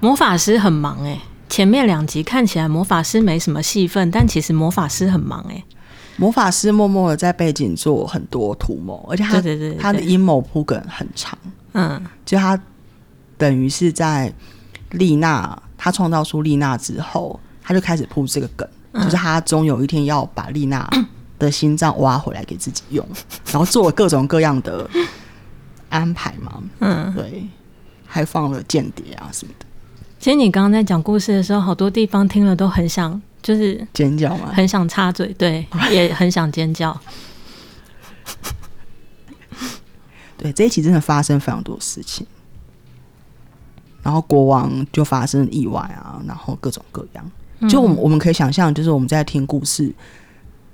魔法師很忙哎、欸，前面兩集看起來魔法師沒什麼戲份，但其實魔法師很忙哎、欸。魔法師默默的在背景做很多圖謀，而且他對對對對對他的陰謀鋪梗很長。嗯，就他等於是在麗娜他創造出麗娜之後，他就開始鋪這個梗、嗯，就是他終有一天要把麗娜的心臟挖回來給自己用、嗯，然後做各種各樣的安排嘛。嗯，對，還放了間諜啊什麼的。其實你剛剛在講故事的時候，好多地方聽了都很想，就是尖叫嘛，很想插嘴，對， 也很想尖叫。 對，這一期真的發生非常多事情，然後國王就發生意外啊，然後各種各樣，就我們我們可以想象，就是我們在聽故事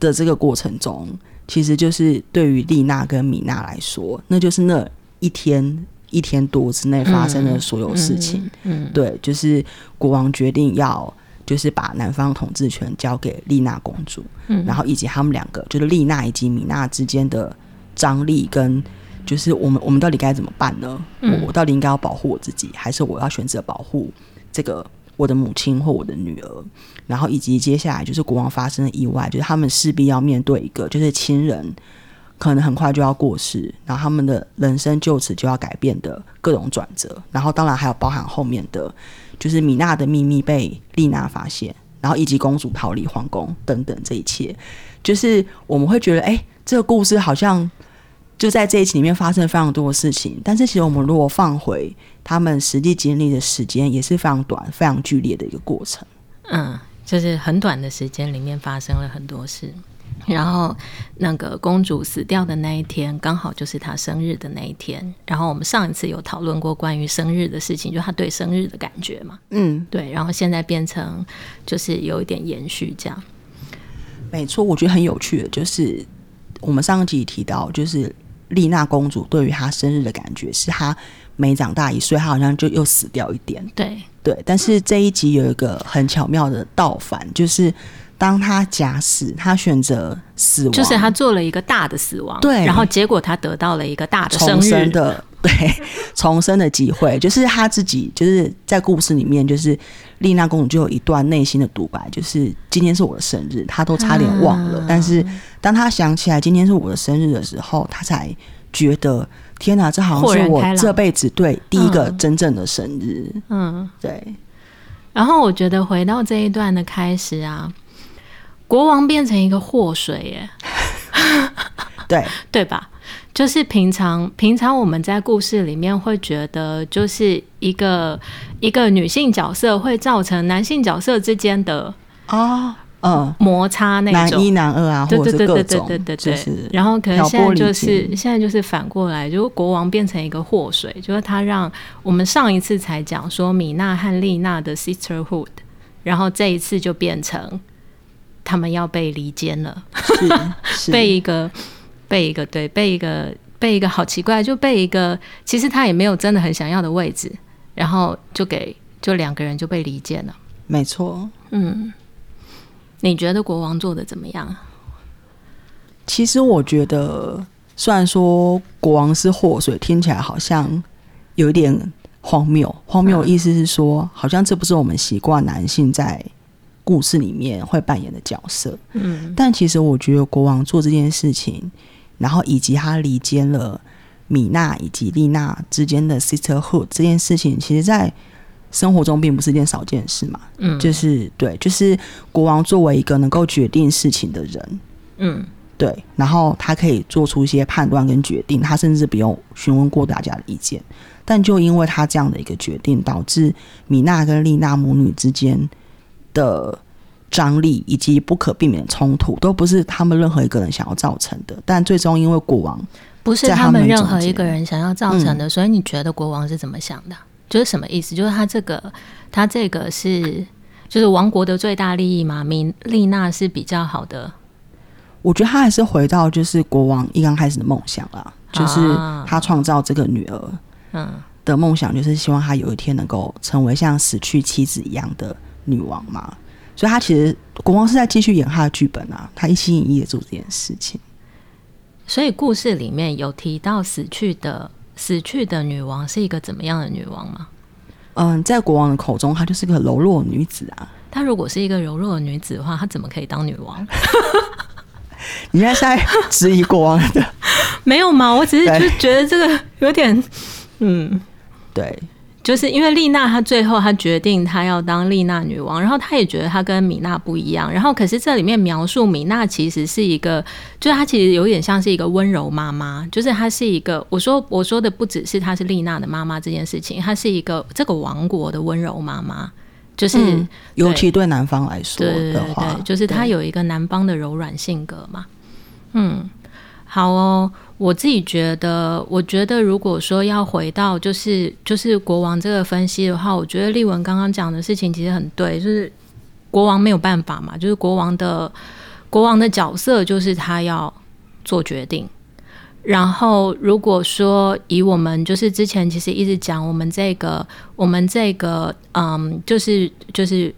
的這個過程中，其實就是對於麗娜跟米娜來說，那就是那一天。一天多之內發生的所有事情，嗯嗯，嗯，對，就是國王決定要就是把南方統治權交給麗娜公主，嗯，然後以及他們兩個就是麗娜以及米娜之間的張力跟就是我們我們到底該怎麼辦呢？我到底應該要保護我自己，還是我要選擇保護這個我的母親或我的女兒？然後以及接下來就是國王發生的意外，就是他們勢必要面對一個就是親人，可能很快就要過世，然後他們的人生就此就要改變的各種轉折，然後當然還有包含後面的，就是米娜的秘密被麗娜發現，然後以及公主逃離皇宮等等，這一切就是我們會覺得，哎、欸，這個故事好像就在這一集裡面發生了非常多的事情，但是其實我們如果放回他們實際經歷的時間，也是非常短、非常劇烈的一個過程。嗯，就是很短的時間裡面發生了很多事。然後，那個公主死掉的那一天，剛好就是她生日的那一天。然後我們上一次有討論過關於生日的事情，就她對生日的感覺嘛。嗯，對。然後現在變成就是有一點延續這樣。嗯、這樣沒錯，我覺得很有趣的，就是我們上一集提到，就是麗娜公主對於她生日的感覺，是她每長大一歲，所以她好像就又死掉一點。對，對。但是這一集有一個很巧妙的倒反，就是。當他假死，他選擇死亡，就是他做了一個大的死亡，對。然後結果他得到了一個大的重生的，對，重生的機會。 就是他自己，就是在故事裡面，就是麗娜公主就有一段內心的獨白，就是今天是我的生日，他都差點忘了、啊。但是，當他想起來今天是我的生日的時候，他才覺得天哪、啊，這好像是我這輩子對第一個真正的生日嗯。嗯，對。然後我覺得回到這一段的開始啊。國王變成一個禍水耶 ，對 對吧？就是平常平常我們在故事裡面會覺得，就是一個一個女性角色會造成男性角色之間的啊呃摩擦那種、哦呃、男一男二啊或者是各種，對對對對對對對，就是、然後可能現在就是現在就是反過來，就是、國王變成一個禍水，就是他讓我們上一次才講說米娜和麗娜的 sisterhood，然後這一次就變成。他們要被離間了，是，是，被 一個被一個對被一個被一個好奇怪，就被一個其實他也沒有真的很想要的位置，然後就給就兩個人就被離間了。沒錯，嗯，你覺得國王做的怎麼樣？其實我覺得，雖然說國王是禍水，聽起來好像有一點荒謬。荒謬的意思是說、嗯，好像這不是我們習慣男性在。故事裡面會扮演的角色，嗯，但其實我覺得國王做這件事情，然後以及他離間了米娜以及麗娜之間的 sisterhood 這件事情，其實，在生活中並不是一件少見事嘛，嗯，就是對，就是國王作為一個能夠決定事情的人，嗯，對，然後他可以做出一些判斷跟決定，他甚至不用詢問過大家的意見，但就因為他這樣的一個決定，導致米娜跟麗娜母女之間。的張力以及不可避免的衝突，都不是他們任何一個人想要造成的。但最終，因為國王不是他們任何一個人想要造成的、嗯，所以你覺得國王是怎麼想的？就是什麼意思？就是他這個，他這個是就是王國的最大利益嘛。米、麗娜是比較好的，我覺得他還是回到就是國王一剛開始的夢想了，就是他創造這個女兒嗯的夢想，就是希望他有一天能夠成為像死去妻子一樣的。女王嘛，所以他其實國王是在繼續演他的劇本啊，他一心一意的做這件事情。所以故事裡面有提到死去的死去的女王是一個怎麼樣的女王嗎？嗯，在國王的口中，她就是一個柔弱女子啊。她如果是一個柔弱的女子的話，她怎麼可以當女王？ 你在現在是在質疑國王的？ 沒有嘛，我只是就覺得這個有點，嗯，對。就是因為麗娜，她最後她決定她要當麗娜女王，然後她也覺得她跟米娜不一樣。然後，可是這裡面描述米娜其實是一個，就是她其實有點像是一個溫柔媽媽，就是她是一個，我說我說的不只是她是麗娜的媽媽這件事情，她是一個這個王國的溫柔媽媽，就是、嗯、尤其對男方來說的話，對對，就是她有一個男方的柔軟性格嘛。嗯，好哦。我自己覺得，我覺得如果說要回到就是就是國王這個分析的話，我覺得俐文剛剛講的事情其實很對，就是國王沒有辦法嘛，就是國王的國王的角色就是他要做決定，然後如果說以我們就是之前其實一直講我們這個我們這個嗯，就是就是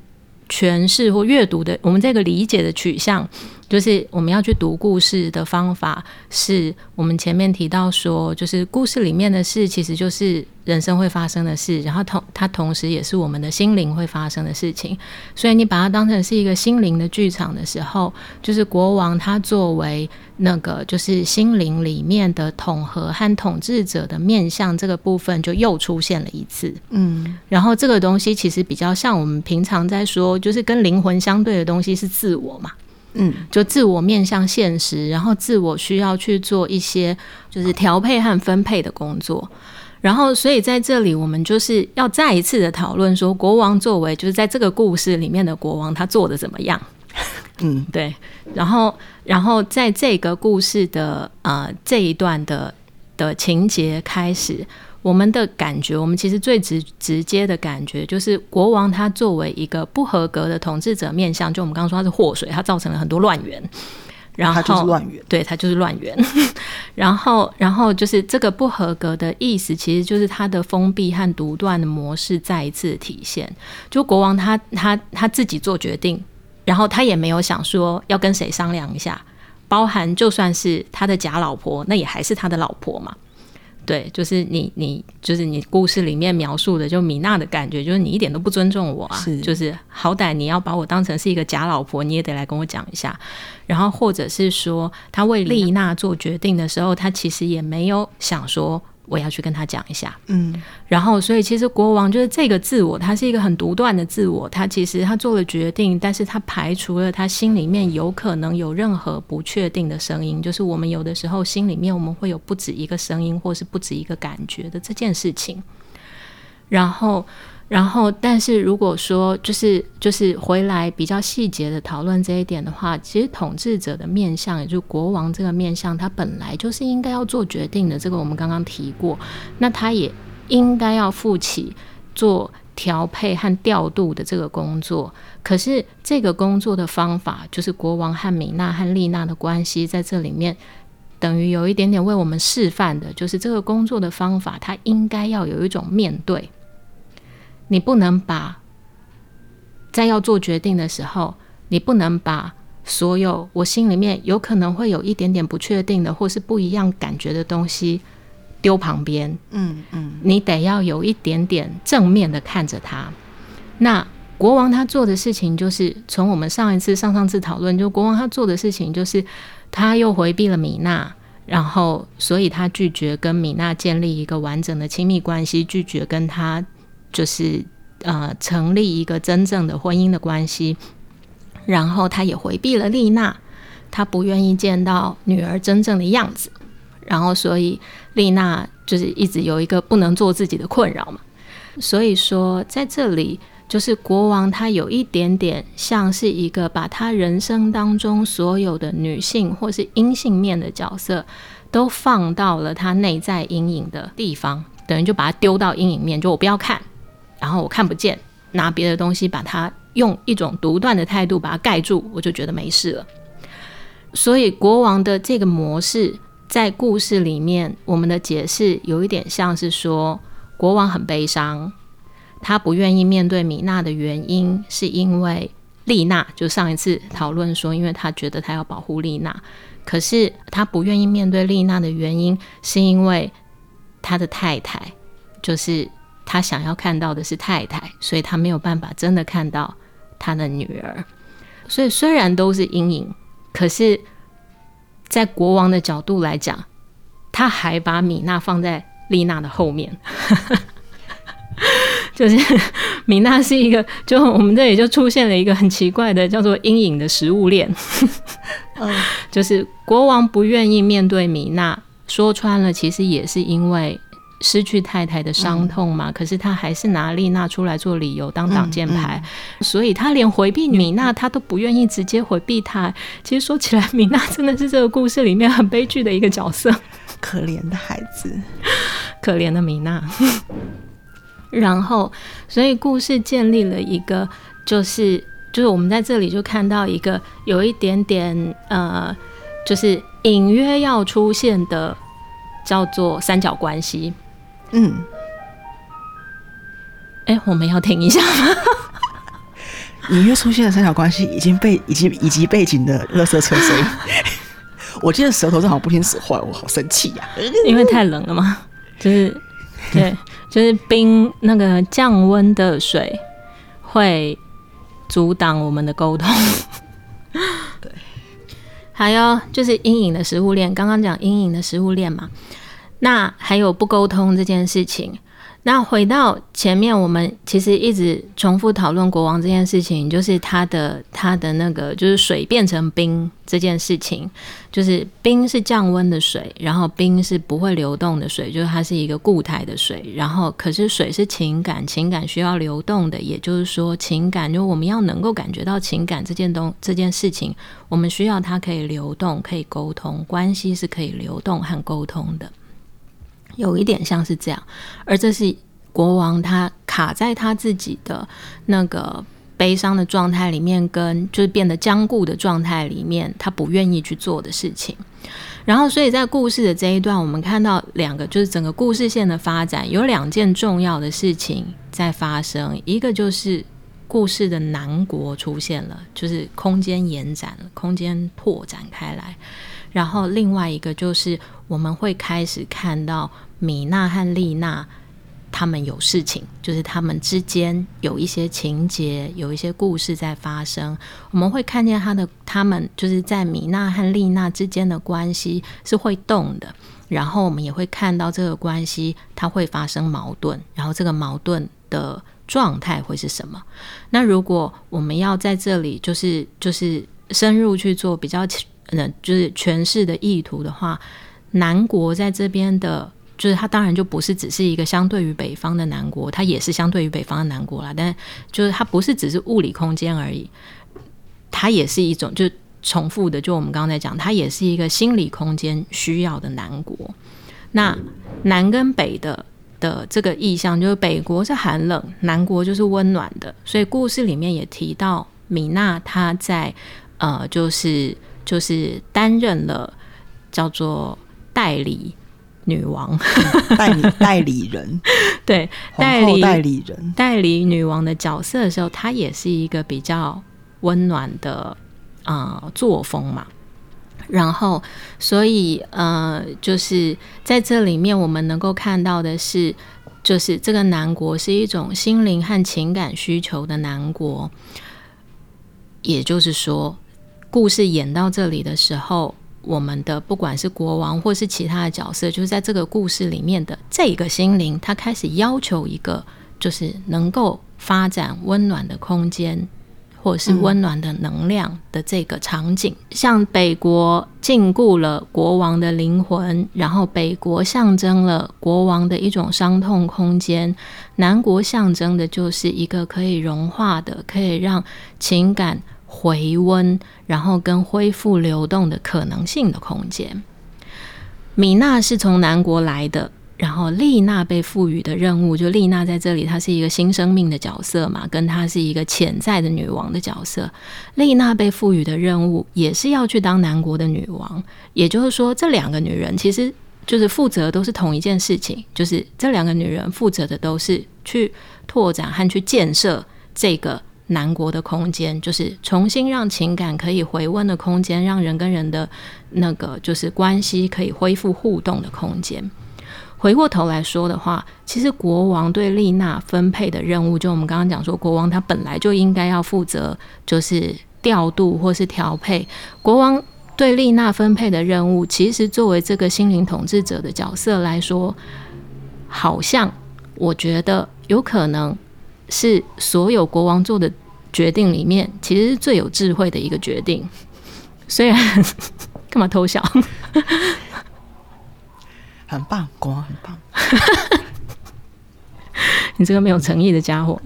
詮釋或閱讀的我們這個理解的取向。就是我們要去讀故事的方法，是我們前面提到說，就是故事裡面的事，其實就是人生會發生的事，然後同它同時也是我們的心靈會發生的事情。所以你把它當成是一個心靈的劇場的時候，就是國王他作為那個就是心靈裡面的統合和統治者的面向這個部分，就又出現了一次。嗯，然後這個東西其實比較像我們平常在說，就是跟靈魂相對的東西是自我嘛。嗯，就自我面向現實，然後自我需要去做一些就是調配和分配的工作，然後所以在這裡我們就是要再一次的討論說，國王作為就是在這個故事裡面的國王，他做的怎麼樣？嗯，對。然後，然後在這個故事的啊、呃、這一段的的情節開始。我們的感覺，我們其實最直直接的感覺就是，國王他作為一個不合格的統治者面向，就我們剛剛說他是禍水，他造成了很多亂源。然後，對，他就是亂源。亂源 然後，然後就是這個不合格的意思，其實就是他的封閉和獨斷的模式再一次體現。就國王他他他自己做決定，然後他也沒有想說要跟誰商量一下，包含就算是他的假老婆，那也還是他的老婆嘛。對，就是你，你就是你故事裡面描述的，就米娜的感覺，就是你一點都不尊重我啊！就是好歹你要把我當成是一個假老婆，你也得來跟我講一下。然後或者是說，他為麗娜做決定的時候，他其實也沒有想說。我要去跟他講一下，嗯，然後，所以其實國王就是這個自我，他是一個很獨斷的自我，他其實他做了決定，但是他排除了他心裡面有可能有任何不確定的聲音，嗯，就是我們有的時候心裡面我們會有不止一個聲音，或是不止一個感覺的這件事情，然後。然後，但是如果說就是就是回來比較細節的討論這一點的話，其實統治者的面向，也就是國王這個面向，他本來就是應該要做決定的，這個我們剛剛提過。那他也應該要負起做調配和調度的這個工作。可是這個工作的方法，就是國王和米娜和麗娜的關係在這裡面，等於有一點點為我們示範的，就是這個工作的方法，他應該要有一種面對。你不能把在要做決定的時候，你不能把所有我心裡面有可能會有一點點不確定的，或是不一樣感覺的東西丟旁邊。嗯嗯，你得要有一點點正面的看着他。那國王他做的事情，就是從我們上一次、上上次討論，就國王他做的事情，就是他又回避了米娜，然後所以他拒絕跟米娜建立一個完整的親密關係，拒絕跟他。就是呃，成立一個真正的婚姻的關係，然後他也回避了麗娜，他不願意見到女兒真正的樣子，然後所以麗娜就是一直有一個不能做自己的困擾嘛。所以說在這裡，就是國王他有一點點像是一個把他人生當中所有的女性或是陰性面的角色，都放到了他內在陰影的地方，等於就把他丟到陰影面，就我不要看。然後我看不見，拿別的東西把它用一種獨斷的態度把它蓋住，我就覺得沒事了。所以國王的這個模式在故事裡面，我們的解釋有一點像是說，國王很悲傷，他不願意面對米娜的原因是因為麗娜。就上一次討論說，因為他覺得他要保護麗娜，可是他不願意面對麗娜的原因是因為他的太太就是。他想要看到的是太太，所以他沒有辦法真的看到他的女兒。所以雖然都是陰影，可是，在國王的角度來講，他還把米娜放在麗娜的後面。 就是米娜是一個，就我們這裡就出現了一個很奇怪的叫做陰影的食物鏈。 就是國王不願意面對米娜，說穿了，其實也是因為。失去太太的傷痛嘛，嗯、可是他還是拿麗娜出來做理由當擋箭牌，嗯嗯、所以他連回避米娜他、嗯、都不願意直接回避他、欸。其實說起來，米娜真的是這個故事裡面很悲劇的一個角色，可憐的孩子，可憐的米娜。 然後，所以故事建立了一個，就是就是我們在這裡就看到一個有一點點呃，就是隱約要出現的叫做三角關係。嗯，哎、欸，我們要停一下嗎？隱 約出現的三角關係已，已經被已經以及背景的垃圾車身。我記得舌頭正好不聽使喚，我好生氣呀、啊！ 因為太冷了嘛。就是對，就是冰那個降溫的水會阻擋我們的溝通。 對，還有就是陰影的食物鏈，剛剛講陰影的食物鏈嘛。那還有不溝通這件事情。那回到前面，我們其實一直重複討論國王這件事情，就是他的他的那個就是水變成冰這件事情，就是冰是降溫的水，然後冰是不會流動的水，就是它是一個固態的水。然後可是水是情感，情感需要流動的，也就是說，情感就我們要能夠感覺到情感這件東這件事情，我們需要它可以流動，可以溝通，關係是可以流動和溝通的。有一點像是這樣，而這是國王他卡在他自己的那個悲傷的狀態裡面，跟就是變得僵固的狀態裡面，他不願意去做的事情。然後，所以在故事的這一段，我們看到兩個，就是整個故事線的發展有兩件重要的事情在發生。一個就是故事的南國出現了，就是空間延展，空間拓展開來。然後另外一個就是我們會開始看到。米娜和麗娜，他們有事情，就是他們之間有一些情節，有一些故事在發生。我們會看見他的他們，就是在米娜和麗娜之間的關係是會動的，然後我們也會看到這個關係它會發生矛盾，然後這個矛盾的狀態會是什麼？那如果我們要在這裡，就是就是深入去做比較，呃，就是詮釋的意圖的話，南國在這邊的。就是它當然就不是只是一個相對於北方的南國，它也是相對於北方的南國啦。但就是它不是只是物理空間而已，它也是一種就重複的。就我們剛才講，它也是一個心理空間需要的南國。那南跟北的的這個意象，就是北國是寒冷，南國就是溫暖的。所以故事裡面也提到，米娜她在呃，就是就是擔任了叫做代理。女王、嗯、代理代理人 對代理代理人代理,代理女王的角色的時候，她也是一個比較溫暖的啊、呃、作風嘛。然後，所以呃，就是在這裡面，我們能夠看到的是，就是這個難過是一種心靈和情感需求的難過。也就是說，故事演到這裡的時候。我們的不管是國王或是其他的角色，就是在這個故事裡面的這個心靈，他開始要求一個就是能夠發展溫暖的空間，或是溫暖的能量的這個場景。嗯。像北國禁錮了國王的靈魂，然後北國象徵了國王的一種傷痛空間；南國象徵的就是一個可以融化的，可以讓情感，回溫，然後跟恢復流動的可能性的空間。米娜是從南國來的，然後麗娜被賦予的任務，就麗娜在這裡，她是一個新生命的角色嘛，跟她是一個潛在的女王的角色。麗娜被賦予的任務也是要去當南國的女王，也就是說，這兩個女人其實就是負責都是同一件事情，就是這兩個女人負責的都是去拓展和去建設這個。南國的空間，就是重新讓情感可以回溫的空間，讓人跟人的那個就是關係可以恢復互動的空間。回過頭來說的話，其實國王對麗娜分配的任務，就我們剛剛講說，國王他本來就應該要負責就是調度或是調配。國王對麗娜分配的任務，其實作為這個心靈統治者的角色來說，好像我覺得有可能。是所有國王做的決定裡面，其實是最有智慧的一個決定。雖然幹嘛偷笑？很棒，國王很棒。 你這個沒有誠意的家伙。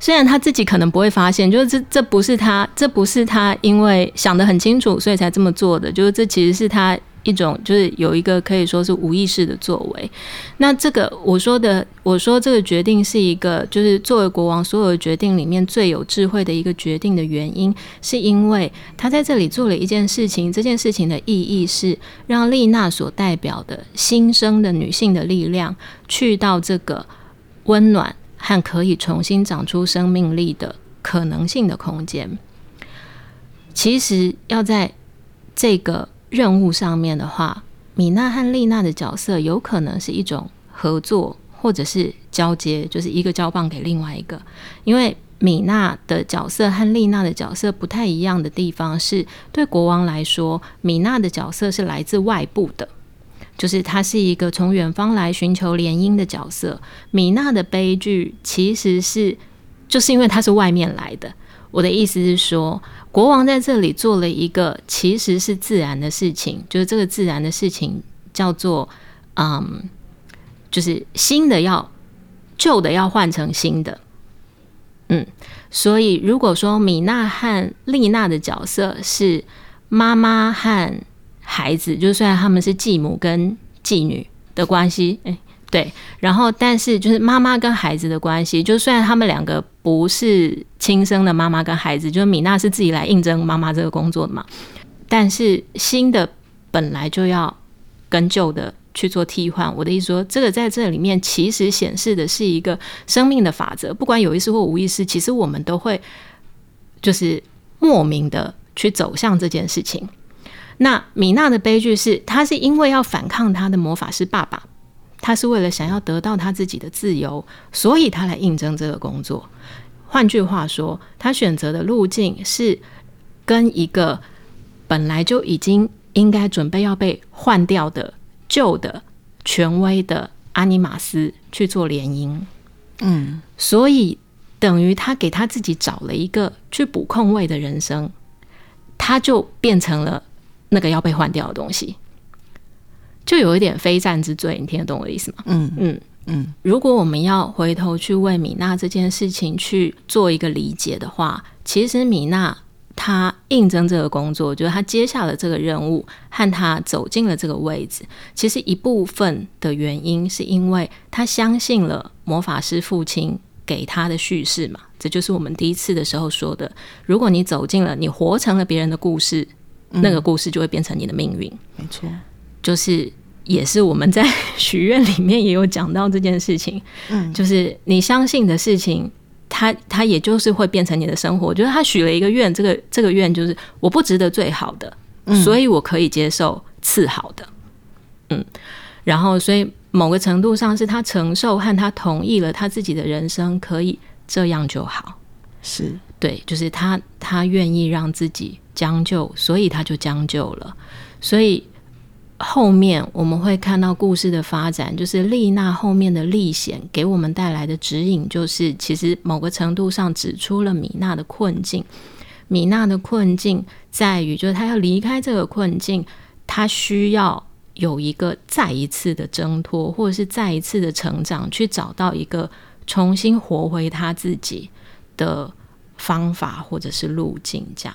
雖然他自己可能不會發現，就是這這不是他，這不是他，因為想得很清楚，所以才這麼做的。就是這其實是他。一種就是有一個可以說是無意識的作為，那這個我說的，我說這個決定是一個，就是作為國王所有的決定裡面最有智慧的一個決定的原因，是因為他在這裡做了一件事情，這件事情的意義是讓麗娜所代表的新生的女性的力量去到這個溫暖和可以重新長出生命力的可能性的空間。其實要在這個。任務上面的話，米娜和麗娜的角色有可能是一種合作，或者是交接，就是一個交棒給另外一個。因為米娜的角色和麗娜的角色不太一樣的地方是，對國王來說，米娜的角色是來自外部的，就是她是一個從遠方來尋求聯姻的角色。米娜的悲劇其實是，就是因為她是外面來的。我的意思是說，國王在這裡做了一個其實是自然的事情，就是這個自然的事情叫做，嗯，就是新的要舊的要換成新的，嗯，所以如果說米娜和麗娜的角色是媽媽和孩子，就雖然他們是繼母跟繼女的關係，哎、欸。對，然後但是就是媽媽跟孩子的關係，就雖然他們兩個不是親生的，媽媽跟孩子，就是米娜是自己來應徵媽媽這個工作的嘛，但是新的本來就要跟舊的去做替換。我的意思說，這個在這裡面其實顯示的是一個生命的法則，不管有意識或無意識，其實我們都會就是莫名的去走向這件事情。那米娜的悲劇是，她是因為要反抗她的魔法師爸爸。他是為了想要得到他自己的自由，所以他來應徵這個工作。換句話說，他選擇的路徑是跟一個本來就已經應該準備要被換掉的舊的權威的阿尼瑪斯去做聯姻。嗯，所以等於他給他自己找了一個去補空位的人生，他就變成了那個要被換掉的東西。就有一點非戰之罪，你聽得懂我的意思嗎？嗯嗯嗯。如果我們要回頭去為米娜這件事情去做一個理解的話，其實米娜她應徵這個工作，就是她接下了這個任務，和她走進了這個位置，其實一部分的原因是因為她相信了魔法師父親給她的敘事嘛。這就是我們第一次的時候說的：如果你走進了，你活成了別人的故事，嗯，那個故事就會變成你的命運。沒錯。就是，也是我們在許願裡面也有講到這件事情。嗯，就是你相信的事情，他他也就是會變成你的生活。我覺得他許了一個願，這個這個願就是我不值得最好的，所以我可以接受次好的。嗯，嗯，然後所以某個程度上是他承受和他同意了，他自己的人生可以這樣就好。是，對，就是他他願意讓自己將就，所以他就將就了，所以。後面我們會看到故事的發展，就是麗娜後面的歷險給我們帶來的指引，就是其實某個程度上指出了米娜的困境。米娜的困境在於，就是她要離開這個困境，她需要有一個再一次的掙脫，或者是再一次的成長，去找到一個重新活回她自己的方法或者是路徑，這樣。